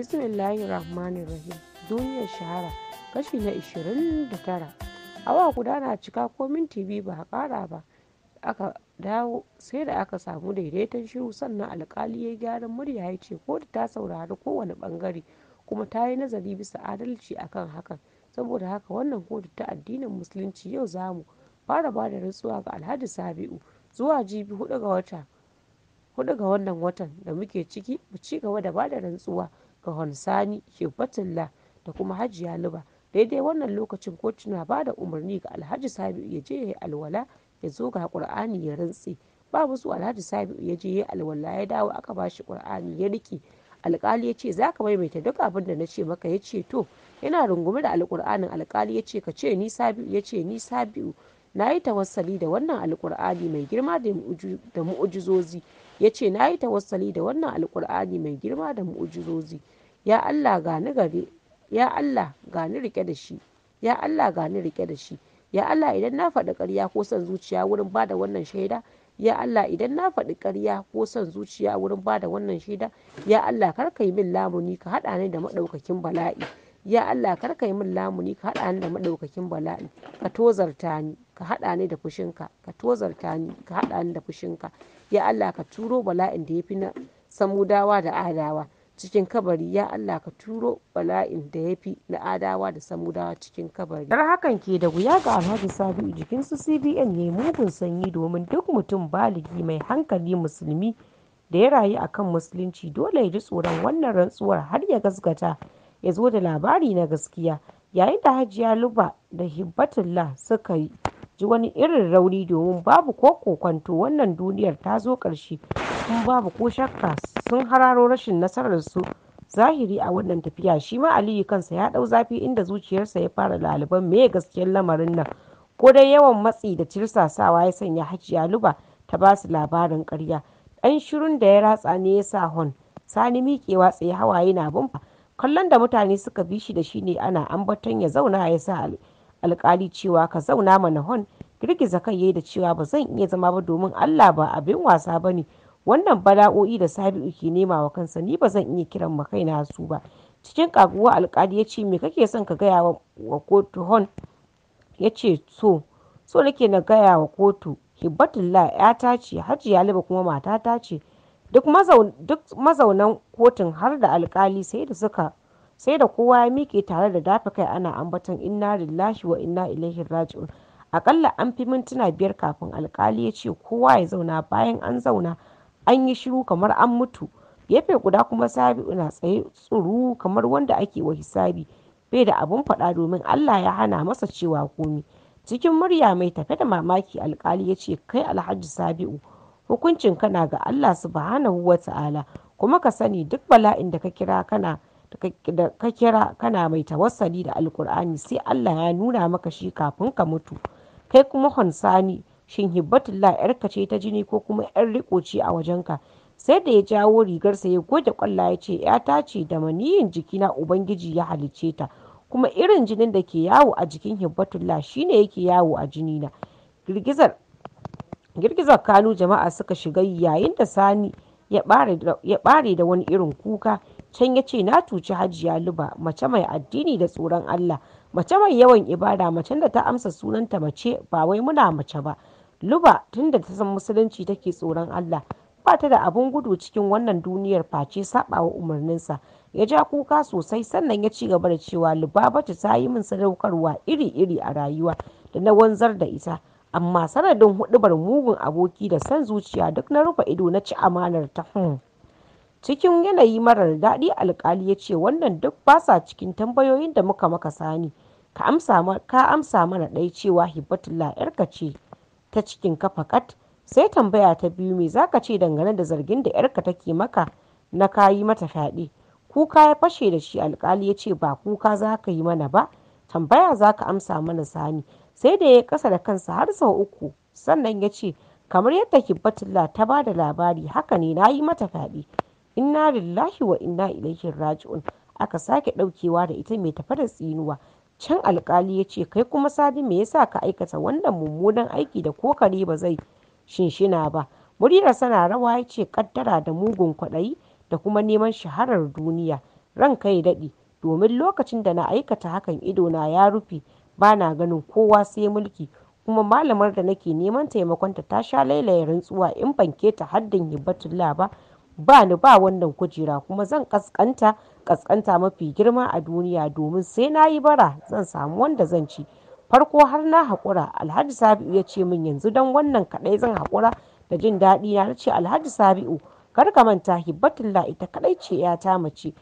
bismillahir rahmanir rahim duniyar shahara kashi na 29 awa guda na cika ko minti biyu ba a kara ba aka dawo sai da aka samu daidaiton shiru sannan alkali ya gyaran murya ya ce kotu ta saurari kowane bangare kuma ta yi nazari bisa adalci akan hakan saboda haka wannan kotu ta addinin musulunci yau zamu fara ba da rantsuwa ga alhaji sabi'u zuwa jibi hudu ga wata hudu ga wannan watan da muke ciki mu ci gaba da ba da rantsuwa ga Holsani Hibbatullahi da kuma Hajiya Luba. Daidai wannan lokacin kotu na ba da umarni ga Alhaji Sabi'u ya je ya yi alwala ya zo ga Kur'ani ya rantse. Ba su Alhaji Sabi'u ya je ya yi alwala ya dawo aka ba shi Kur'ani ya rike Alƙali ya ce za ka maimaita duk abin da na ce maka ya ce to yana rungume da alƙur'anin alƙali ya ce ka ce ni Sabi'u ya ce ni Sabi'u na yi tawassali da wannan alƙur'ani mai girma da mu'ujizozi ya ce na yi tawassali da wannan alkur'ani mai girma da mu'ujizozi ya Allah gani gare ya Allah gani rike da shi ya Allah gani rike da shi ya Allah idan na faɗi ƙarya ko son zuciya wurin da wannan shaida ya Allah idan na faɗi ƙarya ko son zuciya wurin bada wannan shaida ya Allah kar ka yi min lamuni ka haɗa ni da maɗaukakin bala'i ya Allah kar ka yi min lamuni ka haɗa ni da maɗaukakin bala'i ka tozarta ni ka haɗa ni da fushinka ka tozarta ni ka haɗa ni da fushinka ya Allah ka turo bala'in da ya fi na samudawa da adawa cikin kabari ya Allah ka turo bala'in da ya fi na adawa da samudawa cikin kabari. Dar hakan ke da wuya ga Alhaji Sabi jikin su CBN ya yi mugun sanyi domin duk mutum baligi mai hankali musulmi da ya rayu akan musulunci dole ya ji tsoron wannan rantsuwar har ya gasgata ya zo da labari na gaskiya yayin da Hajiya Luba da Hibbatullah suka yi ji wani irin rauni domin babu ko kokwanto wannan duniyar ta zo ƙarshe kuma babu ko shakka sun hararo rashin nasarar su zahiri a wannan tafiya shi ma aliyu kansa ya ɗau zafi inda zuciyarsa ya fara laliban me gaskiyar lamarin nan ko dai yawan matsi da cirsasawa ya sanya hajiya luba ta ba su labarin ƙarya ɗan shirun da ya ratsa ne ya sa hon sani miƙewa tsaye hawaye na bumfa kallon da mutane suka bi shi da shi ne ana ambaton ya zauna ya sa alkali cewa ka zauna mana hon girgiza kan yayi da cewa ba zan iya zama ba domin Allah ba abin wasa ba ne wannan bala'o'i da Sabi'u ke nema wa kansa ni ba zan iya kiran ma kaina su ba cikin kaguwa alkali ya ce me kake son ka gaya wa kotu hon ya ce so so nake na gaya wa kotu hibbatullah yata ce hajiya liba kuma mata ta ce duk mazaunan kotun har da alkali sai da suka sai da kowa ya miƙe tare da dafa kai ana ambaton "Inna lillahi wa inna ilaihi raji'un" aƙalla an fi mintuna biyar kafin alkali ya ce kowa ya zauna bayan an zauna an yi shiru kamar an mutu gefe guda kuma Sabi'u na tsaye tsuru kamar wanda ake wa hisabi bai da abun faɗa domin Allah ya hana masa cewa komi cikin murya mai tafe da mamaki alkali ya ce kai alhaji Sabi'u hukuncin kana ga Allah subhanahu wa ta'ala kuma ka sani duk bala'in da ka kira kana da ka kira kana mai tawassali da alkur'ani sai Allah ya nuna maka shi kafin ka mutu kai kuma Hansani shin Hibbatullah yarka ce ta jini ko kuma yar riko ce a ka? sai da ya jawo rigarsa ya goge kwalla ya ce yata ce da maniyin jikina ubangiji ya halicce ta kuma irin jinin da ke yawo a jikin Hibbatullah shine yake yawo a jinina girgizar girgizar kanu jama'a suka shiga yayin da sani ya bare da wani irin kuka Can ya ce na cuci Hajiya Luba mace mai addini da tsoron Allah mace mai yawan ibada mace da ta amsa sunanta mace ba wai muna mace ba. Luba tunda ta san musulunci take tsoron Allah ba ta da abun gudu cikin wannan duniyar face saɓawa umarninsa ya ja kuka sosai sannan ya ci gaba da cewa Lubabatu ta yi min sadaukarwa iri-iri a rayuwa da na wanzar da ita amma sanadin huɗubar mugun aboki da son zuciya duk na rufe ido na ci amanar ta. Hmm. Cikin yanayi marar daɗi alkali ya ce, "Wannan duk ba sa cikin tambayoyin da muka maka Sani, ka amsa mana ɗaya cewa Hibbatullah 'yarka ce ta cikin kafa kat sai tambaya ta biyu me zaka ce dangane da zargin da 'yarka take maka na kayi mata fyaɗe?" Kuka ya fashe da shi alkali ya ce, "Ba kuka za ka yi mana ba, tambaya za ka amsa mana Sani." Sai da ya yi ƙasa da kansa har sau uku, sannan ya ce, "Kamar yadda Hibbatullah ta ba da labari, haka ne na yi mata fyaɗe." Inna lillahi wa inna ilaihi raji'un aka sake ɗaukewa da ita mai tafe da tsinuwa. Can alkali ya ce kai kuma Sadi me yasa ka aikata wannan mummunan aiki da kokari ba zai shinshina ba. murira na rawa ya ce ƙaddara da mugun kwaɗayi da kuma neman shaharar duniya. ran kai daɗi domin lokacin da na aikata hakan ido na ya rufe ba na ganin kowa sai mulki kuma malamar da nake neman taimakonta ta sha lailaya rantsuwa in ban keta haddin Hibbatullah ba ba ni ba wannan kujera kuma zan kaskanta kaskanta mafi girma a duniya domin sai na yi bara zan samu wanda zan ci farko har na haƙura alhaji sabi'u ya ce min yanzu don wannan kaɗai zan haƙura da jin daɗi na ce alhaji sabi'u kar ka manta hibbatullah ita kaɗai ce ya ta mace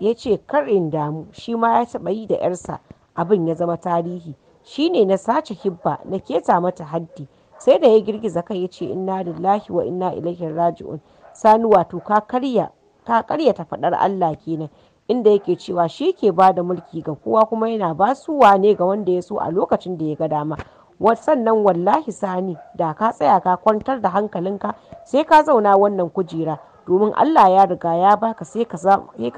ya ce kar in damu shi ma ya taɓa yi da yarsa abin ya zama tarihi shi ne na sace hibba na keta mata haddi sai da ya girgiza kai ya ce inna lillahi wa inna ilaihi raji'un Sani wato ka karya ka karyata faɗar Allah kenan inda yake cewa shi ke ba da mulki ga kowa kuma yana basuwa ne ga wanda ya so a lokacin da ya ga dama sannan wallahi sani da ka tsaya ka kwantar da hankalinka sai ka zauna wannan kujera domin Allah ya riga ya baka sai ka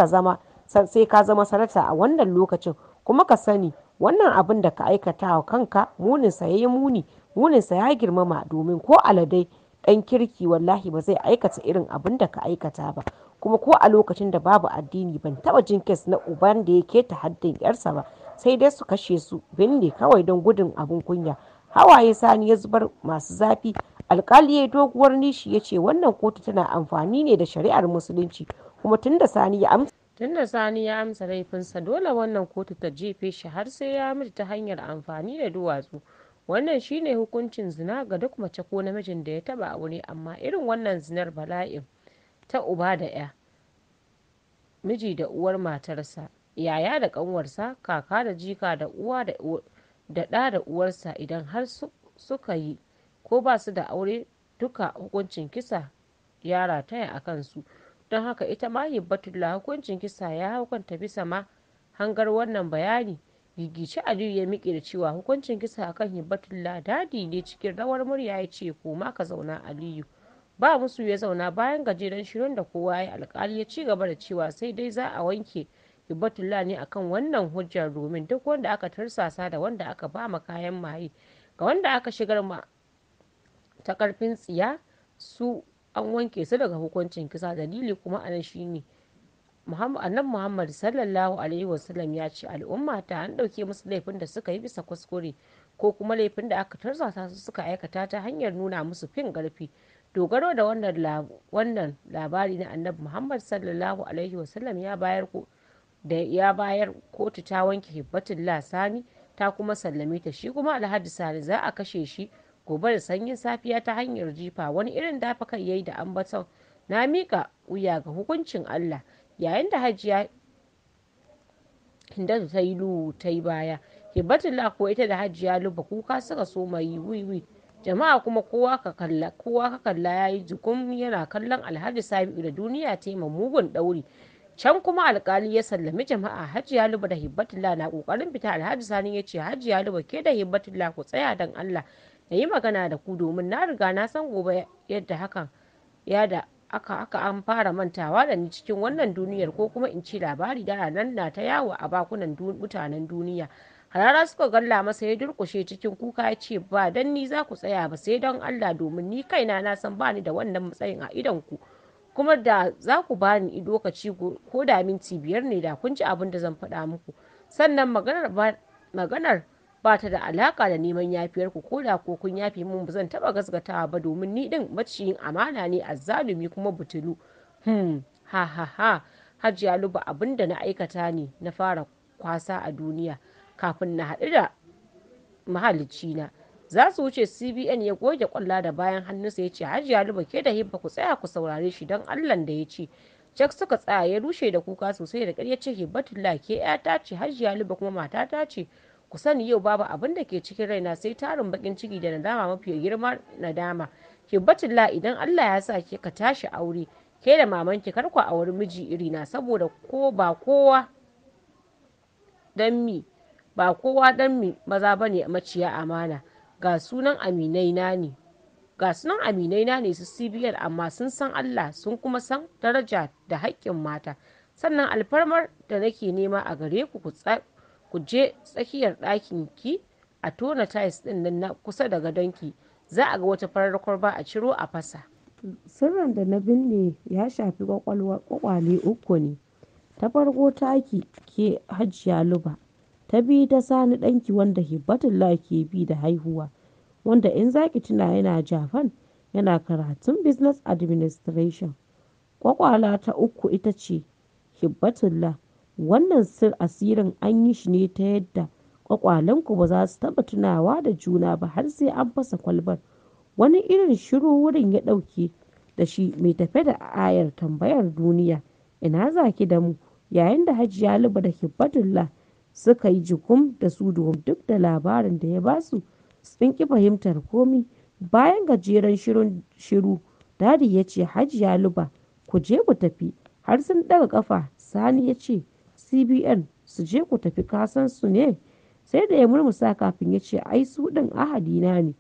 zama sai ka zama sarata a wannan lokacin kuma ka sani wannan abin da ka aikata wa kanka muninsa ya yi muni muninsa ya girmama domin ko aladai dan kirki wallahi ba zai aikata irin abin da ka aikata ba kuma ko a lokacin da babu addini ban taba jin kes na uban da ya keta haddin yarsa ba sai dai su kashe su binne kawai don gudun abin kunya hawaye sani ya zubar masu zafi alkali ya doguwar nishi ya ce wannan kotu tana amfani ne da shari'ar musulunci kuma tun da sani ya amsa tunda sani ya amsa laifinsa dole wannan kotu ta jefe shi har sai ya mutu ta hanyar amfani da duwatsu Wannan shine hukuncin zina ga duk mace ko namijin da ya taɓa aure, amma irin wannan zinar bala'in ta uba da ‘ya, miji da uwar matarsa, yaya da ƙanwarsa, kaka da jika da uwa da ɗa da uwarsa idan har suka yi ko ba su da aure duka hukuncin kisa ya rataya a kansu. Don haka ita ma Hibbatullah hukuncin kisa ya hukunta bisa ma hangar wannan bayani. gigice Aliyu ya miƙe da cewa hukuncin kisa a kan Hibbatullah dadi ne cikin rawar murya ya ce koma ka zauna Aliyu. Ba musu ya zauna bayan gajeren shirin da kowa ya alkali ya ci gaba da cewa sai dai za a wanke Hibbatullah ne akan wannan hujjar domin duk wanda aka tursasa da wanda aka ba ma kayan maye ga wanda aka shigar ma ta karfin tsiya su an wanke su daga hukuncin kisa dalili kuma anan shine annabi muhammad sallallahu alaihi wasallam ya ce al'umma ta an ɗauke musu laifin da suka yi bisa kuskure ko kuma laifin da aka tarzata su suka aikata ta hanyar nuna musu fin garfi dogaro da wannan labari na annabi muhammad sallallahu alaihi wasallam ya bayar da ya bayar kotu ta wanke hibbatin lasani ta kuma sallame ta shi kuma alhaji sani za a kashe shi gobe da sanyin safiya ta hanyar jifa wani irin dafa kai yayi da ambaton na miƙa wuya ga hukuncin allah Yayin da Hajiya da ta yi lu ta yi baya, Hibbatullah ko ita da Hajiya Luba kuka suka so yi wiwi. Jama'a kuma kowa ka kalla ya yi jugum yana kallon Alhaji Sabi'u da duniya ta yi ma mugun ɗauri. Can kuma alkali ya sallami jama'a Hajiya Luba da Hibbatullah na kokarin fita Alhaji Sani ya ce Hajiya Luba ke da Hibbatullah ku tsaya dan Allah na yi magana da ku domin na riga na san gobe yadda hakan ya da aka an fara mantawa da ni cikin wannan duniyar ko kuma in ci labari da nan na ta yawo a bakunan mutanen duniya harara suka galla masa ya durkushe cikin kuka ya ce ba dan ni za ku tsaya ba sai don allah domin ni kaina na san bani da wannan matsayin a idon ku kuma da za ku bani lokaci ko da minti biyar ne da kun ji abin da zan faɗa muku sannan maganar ba ta da alaka da neman yafiyar ku ko da ko kun yafi mun ba zan taba gasgatawa ba domin ni din maciyin amana ne a zalumi kuma butulu hmm ha ha ha hajiya luba abin da na aikata ne na fara kwasa a duniya kafin na haɗu da na. za su wuce cbn ya goge kwalla da bayan hannunsa ya ce hajiya luba ke da hibba ku tsaya ku saurare shi don allan da ya ce Jack suka tsaya ya rushe da kuka sosai da ƙarya ce Hibbatullah ke ta ce Hajiya Luba kuma matata ce ku sani yau babu abin da ke cikin raina sai tarin bakin ciki da nadama mafi girma nadama ki batulla idan Allah ya sa ki ka tashi aure ke da mamanki kar ku auri miji iri na saboda ko ba kowa dan mi ba kowa dan mi maza bane maciya amana ga sunan aminai na ne ga sunan aminai na ne su cbn amma sun san allah sun kuma san daraja da haƙƙin mata sannan alfarmar da nake nema a gare ku ku ku je tsakiyar ɗakin ki a tona tiles ɗin nan na kusa da gadonki za a ga wata farar kwalba a ciro a fasa. sirrin da na binne ya shafi kwakwale uku ne ta farko taki ke hajiya luba ta biyu ta sani ɗanki wanda hibbatullah ke bi da haihuwa wanda in zaki tuna yana Jafan, yana karatun business administration kwakwala ta uku ita ce hibbatullah Wannan sir asirin an yi shi ne ta yadda ƙwaƙwalenku ba za su taɓa tunawa da juna ba har sai an fasa kwalbar. Wani irin shiru wurin ya ɗauke da shi mai tafe da ayar tambayar duniya "ina za ki da mu?" yayin da Hajiya Luba da Hibbatullah suka yi jikun da su domin duk da labarin da ya ba su sun ki fahimtar komi? Bayan gajeren shiru Dadi ya ce "Hajiya Luba ku je ku tafi" har sun daga kafa, Sani ya ce CBN su je ku tafi kasan su ne?" Sai da ya murmusa kafin ya ce ai su ɗin ahadina ne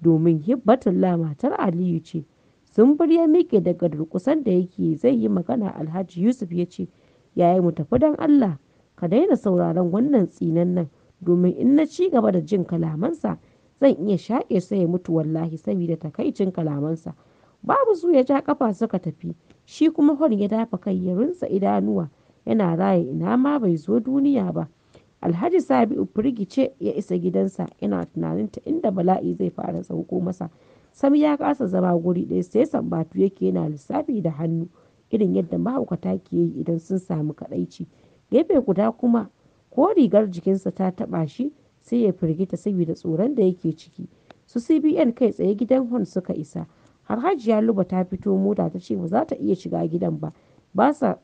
domin Hibbatullah matar Aliyu ce. sun bar ya miƙe daga durƙusan da yake zai yi magana Alhaji Yusuf ya ce, yayi mu tafi don Allah, ka daina sauraron wannan tsinan nan domin in na ci gaba da jin kalamansa zan iya shaƙe sa ya mutu wallahi saboda takaicin kalamansa. Babu su ya ja kafa suka tafi, shi kuma hon ya dafa kai ya rinsa idanuwa yana raya ina ma bai zo duniya ba. Alhaji Sabi'u firgice ya isa gidansa yana tunanin ta inda bala'i zai fara sauko masa. Sam ya kasa zama guri ɗaya sai sambatu yake yana lissafi da hannu irin yadda mahaukata ke yi idan sun samu kaɗaici. Gefe guda kuma ko rigar jikinsa ta taɓa shi sai ya firgita saboda tsoron da yake ciki. Su CBN kai tsaye gidan Hon suka isa. Har Hajiya Luba ta fito mota ta ce ba za ta iya shiga gidan ba. Ba sa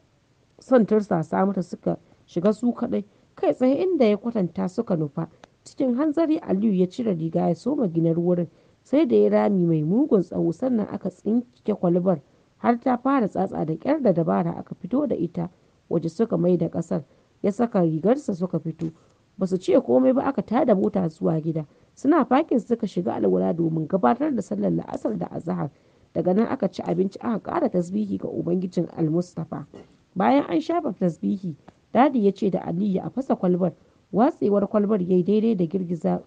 son tursasa mata suka shiga su kaɗai kai tsaye inda ya kwatanta suka nufa cikin hanzari aliyu ya cire riga ya soma ginar wurin sai da ya rami mai mugun tsawo sannan aka tsinke kwalbar har ta fara tsatsa da kyar da dabara aka fito da ita waje suka mai da kasar ya saka rigarsa suka fito ba su ce komai ba aka tada mota zuwa gida suna fakin suka shiga alwala domin gabatar da sallar la'asar da azahar daga nan aka ci abinci aka ƙara tasbihi ga ubangijin almustapha Bayan an shafa tasbihi, Dadi ya ce da Aliyu a fasa kwalbar, watsewar kwalbar ya yi daidai da girgizar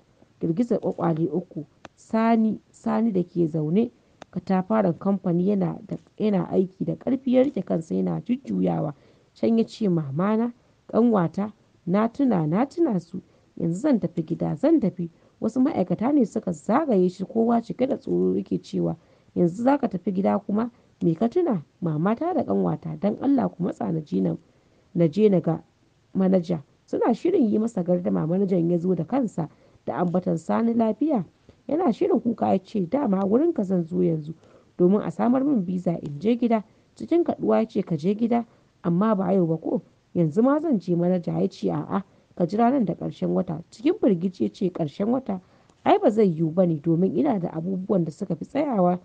kwakwale uku, Sani Sani da ke zaune katafaren kamfani yana aiki da karfi ya riƙe kansa yana jujjuyawa, can ya ce mamana, ƙanwata, na tuna na tuna su, yanzu zan tafi gida zan tafi, wasu ma'aikata ne suka zagaye shi kowa cike da tsoro yake cewa yanzu za ka tafi gida kuma Me ka tuna? Mamata da kanwata don Allah ku matsa na je na ga manaja. Suna shirin yi masa gardama manajan ya zo da kansa da ambatan Sani lafiya. Yana shirin kuka ya ce dama wurin ka zan zo yanzu domin a samar min biza in je gida. Cikin kaduwa ya ce ka je gida amma ba yau ba ko? Yanzu ma zan je manaja ya ce a'a ka jira nan da karshen wata. Cikin firgici ya ce karshen wata ai ba zai yiwu ba ne domin ina da abubuwan da suka fi tsayawa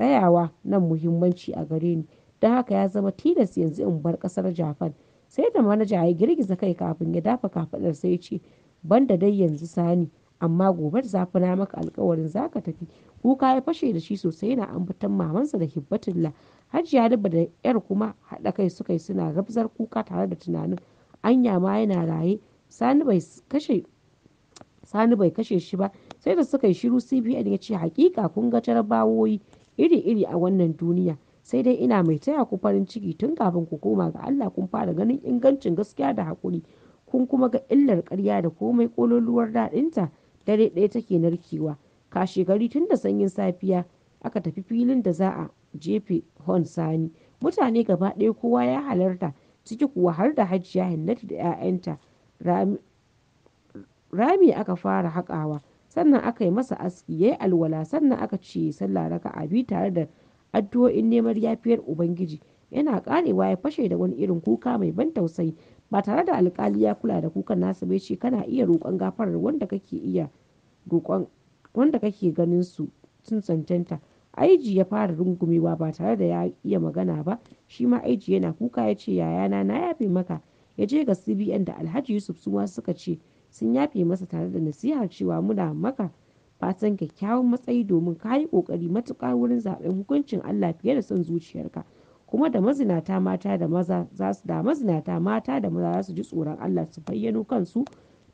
Tsayawa nan muhimmanci a gare ni, don haka ya zama tilas yanzu in bar ƙasar Japan. Sai da manaja ya girgiza kai kafin ya dafa kafadar ya ce, "Ban da dai yanzu Sani, amma gobe da zafi na maka alkawarin za ka tafi." Kuka ya fashe da shi sosai yana ambatan mamansa da Hibbatullah. Hajiya Lubba da 'yar kuma haɗa kai suka yi suna rabzar kuka tare da tunanin anya ma yana raye. Sani bai kashe shi ba. Sai da suka yi shiru CBN ya ce, "Hakika kun ga jarabawoyi. iri-iri a wannan duniya, sai dai ina mai taya ku farin ciki tun kafin ku koma ga Allah kun fara ganin ingancin gaskiya da haƙuri kun kuma ga illar ƙarya da komai kololuwar daɗinta dare ɗaya take narkewa. Kashegari tun da sanyin safiya aka tafi filin da za a jefe hon sani. Mutane gaba ɗaya kowa ya halarta ciki kuwa har da Hajiya Hannatu da 'ya'yanta. Rami aka fara haƙawa sannan aka yi masa aski ya yi alwala sannan aka ce sallah a biyu tare da addu'o'in neman yafiyar ubangiji yana karewa ya fashe da wani irin kuka mai ban tausayi ba tare da alkali ya kula da kukan nasa bai ce kana iya roƙon gafarar wanda kake iya roƙon wanda kake ganin su sun cancanta aiji ya fara rungumewa ba tare da ya iya magana ba shi ma aiji yana kuka ya ce yayana na yafe maka ya je ga cbn da alhaji yusuf suma suka ce sun yafe masa tare da nasihar cewa muna maka fatan kyakkyawan matsayi domin ka yi kokari matuƙa wurin zaɓen hukuncin Allah fiye da son zuciyarka kuma da mazinata mata da maza za su da mazinata mata da maza za su ji tsoron Allah su bayyano kansu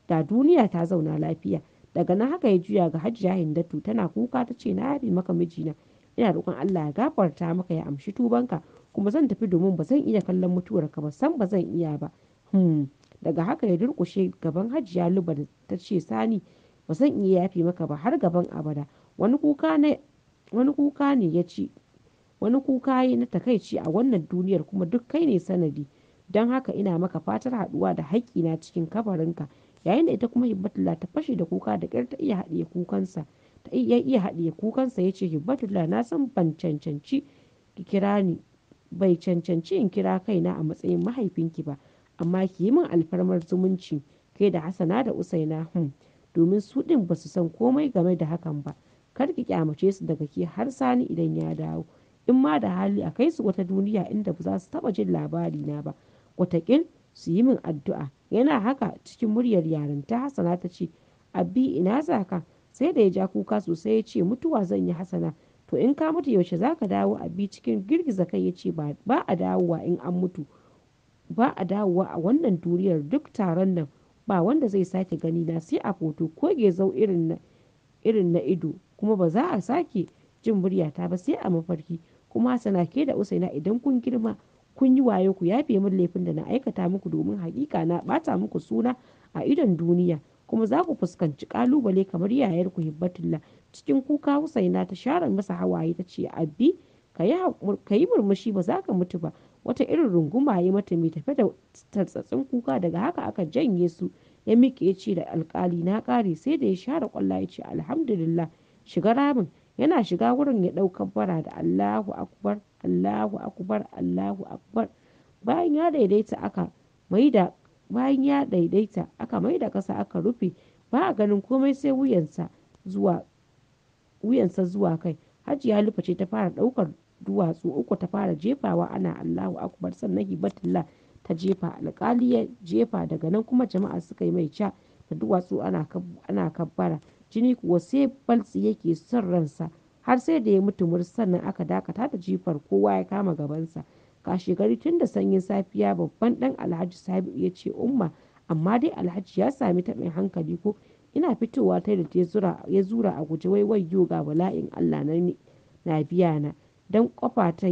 da duniya ta zauna lafiya daga nan haka ya juya ga hajjiya hindatu tana kuka ta ce na yafe maka mijina ina roƙon Allah ya gafarta maka ya amshi tubanka kuma zan tafi domin ba zan iya kallon mutuwarka ba san ba zan iya ba hmm. daga haka ya durkushe gaban hajiya da ta ce sani ba zan iya yafi maka ba har gaban abada wani kuka ne ya ci wani kuka yi na takaici a wannan duniyar kuma duk kai ne sanadi don haka ina maka fatar haduwa da na cikin kabarinka yayin da ita kuma hibbatullah ta fashe da kuka da ƙyar ta iya haɗiye kukansa ta iya iya haɗiye kukansa ya ce hibbatullah na san ban cancanci ki kira ni bai cancanci in kira kaina a matsayin mahaifinki ba amma ki yi min alfarmar zumunci kai da hasana da Usaina hmm, domin su ɗin ba su san komai game da hakan ba kar ki kyamace su daga ke har sani idan ya dawo in ma da hali a kai su wata duniya inda ba za su taba jin labari na ba watakil su yi min addu'a yana haka cikin muryar ta hasana ta ce abi ina zaka sai da ya ja kuka sosai ya ce mutuwa zan yi hasana to in ka mutu yaushe zaka dawo abi cikin girgiza kai ya ce ba a dawowa in an mutu Ba a dawowa a wannan duniyar duk taron nan ba wanda zai sake gani na sai a foto ko gezau irin na ido kuma ba za a sake jin muryata ba sai a mafarki. Kuma Hassana ke da Usaina idan kun girma kun yi wayo ku yafe min laifin da na aikata muku domin hakika na bata muku suna a idon duniya kuma za ku fuskanci kalubale kamar yayar ku Hibbatullah. Cikin kuka Usaina ta share masa hawaye ta ce, "Abbi ka yi murmushi ba za ka mutu ba wata irin runguma ya mata mai tafe da tartsatsin kuka daga haka aka janye su ya miƙe ya ce da alkali na ƙare sai da ya share kwalla ya ce alhamdulillah shiga ramin yana shiga wurin ya ɗauka bara da allahu akbar allahu akbar allahu akbar bayan ya daidaita aka da bayan ya daidaita aka da ƙasa aka rufe ba a ganin komai sai wuyansa zuwa wuyansa zuwa kai hajiya lufa ce ta fara ɗaukar duwatsu uku ta fara jefawa ana Allahu akbar sannan hibatullah ta jefa alkali ya jefa daga nan kuma jama'a suka yi mai ca da duwatsu ana kabbara jini kuwa sai baltsi yake son ransa har sai da ya mutu mur sannan aka dakata da jifar kowa ya kama gabansa kashi gari tun da sanyin safiya babban dan alhaji sabiu ya ce umma amma dai alhaji ya sami taɓin hankali ko ina fitowa ta da ya zura a guje wai wayyo ga bala'in allah na biya na don kwafa ta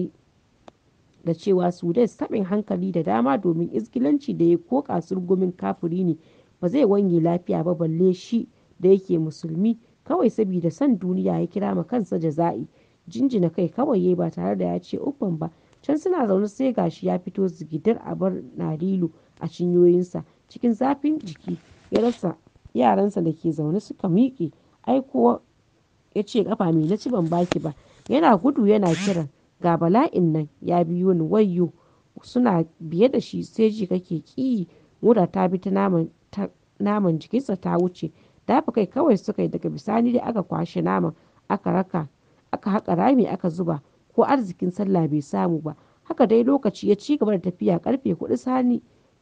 da cewa dai sabin hankali da dama domin izgilanci da ya koƙa surgumin kafiri ne ba zai wanye lafiya ba balle shi da yake musulmi kawai saboda son duniya ya kira ma kansa jaza'i jinjina kai kawai yayi ba tare da ya ce uffam ba can suna zaune sai gashi ya fito zigidar a bar Nalilu a cinyoyinsa cikin zafin jiki ya rasa yaransa da ke zaune suka miƙe ai kuwa ya ce kafa mai na ci ban baki ba Yana gudu yana kiran, ga bala'in nan ya biyo ni wayyo! Suna biye da shi sai ji kake ƙi muda ta bi ta naman jikinsa ta wuce. Dafa kai kawai suka yi daga bisani da aka kwashe naman aka haƙa rami aka zuba. Ko arzikin sallah bai samu ba. Haka dai lokaci ya ci gaba da tafiya. Karfe kudu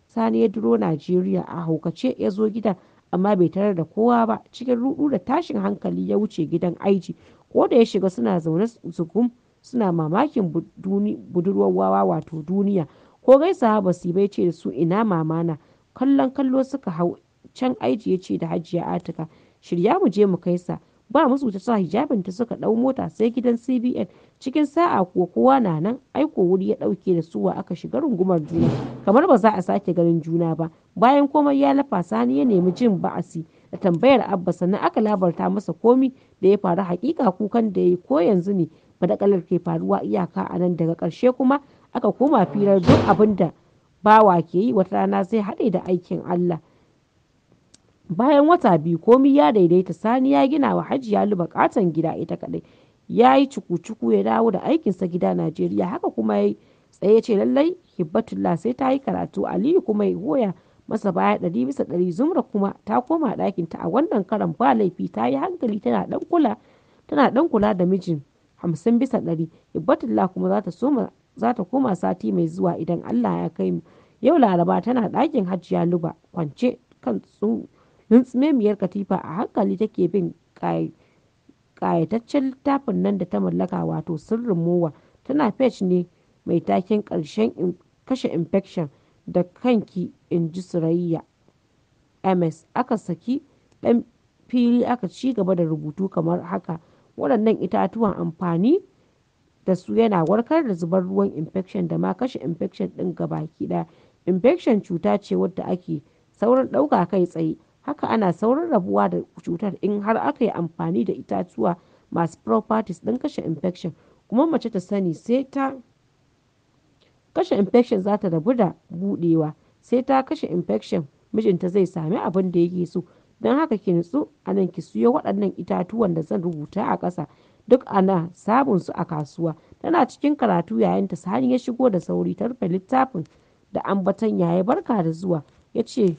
Sani ya duro Najeriya a haukace ya zo gidan. amma bai tarar da kowa ba cikin ruɗu da tashin hankali ya wuce gidan aiji ko da ya shiga suna zaune zugum suna mamakin budurwar wawa wato duniya ko ba su bai ce da su ina mamana kallon kallo suka hau can aiji ya ce da hajiya atika shirya mu je mu kaisa ba musu ta sa hijabinta suka ɗau mota sai gidan cbn cikin sa'a kuwa kowa na nan aiko wuri ya ɗauke da suwa aka shiga rungumar juna kamar ba za a sake ganin juna ba bayan komai ya lafa sani ya nemi jin ba'asi da tambayar abba sannan aka labarta masa komi da ya faru hakika kukan da ya yi ko yanzu ne fadakalar ke faruwa iyaka a nan daga ƙarshe kuma aka koma firar duk abin da bawa ke yi wata rana sai haɗe da aikin allah Bayan wata biyu komi ya daidaita, Sani ya gina wa Hajiya Luba ƙaton gida ita kadai ya yi cuku-cuku ya dawo da aikinsa gida najeriya haka kuma ya yi tsaye ce lallai Hibbatullah sai ta yi karatu, Aliyu kuma ya goya masa baya ɗari bisa ɗari, Zumra kuma ta koma ɗakinta a wannan karan ba laifi ta yi hankali tana ɗan kula da mijin hamsin bisa ɗari, Hibbatullah kuma za ta koma sati mai zuwa idan Allah ya kai mu. Yau Laraba tana ɗakin Hajiya Luba kwance kan Rintsumemiyar katifa a hankali take bin ƙayataccen littafin nan da ta mallaka wato Sirrin Mowa, tana page ne mai takin taken "Kashe Infection da Kanki Inji Surayya MS", aka saki ɗan fili aka ci gaba da rubutu kamar haka: "Waɗannan itatuwan amfani da su yana warkar da zubar ruwan infection da ma kashe infection ɗin gabaki ɗaya, infection cuta ce wadda ake sauran ɗauka kai tsaye. Haka ana saurin rabuwa da cutar in har aka yi amfani da itatuwa masu properties don kashe infection kuma mace ta sani sai ta kashe infection za ta rabu da budewa Sai ta kashe infection mijinta zai sami abin da yake so. Don haka ki nutsu a nan ki siyo waɗannan itatuwan da zan rubuta a ƙasa. Duk ana samun su a kasuwa. Tana cikin karatu yayin ta Sani ya shigo da sauri ta rufe littafin da ambaton yayi barka da zuwa ya ce.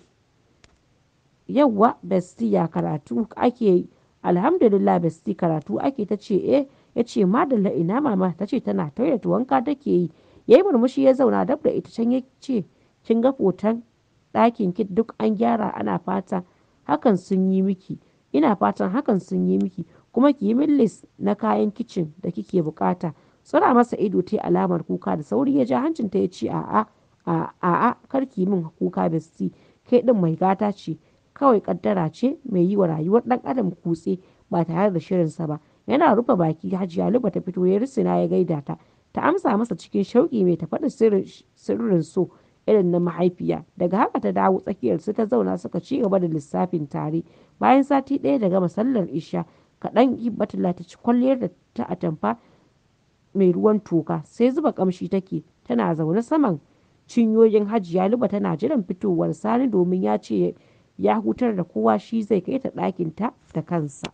yawwa besti ya karatu ake yi? Alhamdulillah besti karatu ake ta ce eh. Ya ce madalla ina mama? Ta ce tana toilet wanka take yi. Ya yi murmushi ya zauna dab da ita can ya ce kin ga foton ɗakin ki duk an gyara ana fata hakan sun yi miki. Ina fatan hakan sun yi miki kuma ki yi min na kayan kicin da kike bukata. tsara masa ido ta alamar kuka da sauri ya ja hancinta ya ce a'a a'a kar ki yi min kuka besti kai ɗin mai gata ce. kawai kaddara ce mai yi wa rayuwar ɗan adam kutse ba tare da shirinsa ba yana rufe baki hajiya luba ta fito ya risina ya gaida ta ta amsa masa cikin shauki mai ta faɗi sirrin so irin na mahaifiya daga haka ta dawo tsakiyar su ta zauna suka ci gaba da lissafin tare bayan sati ɗaya daga masallar isha kaɗan batula ta ci kwalliyar da ta atamfa mai ruwan toka sai zuba kamshi take tana zaune saman cinyoyin hajiya luba tana jiran fitowar sani domin ya ce ya hutar da kowa shi zai kai ta ɗakinta da kansa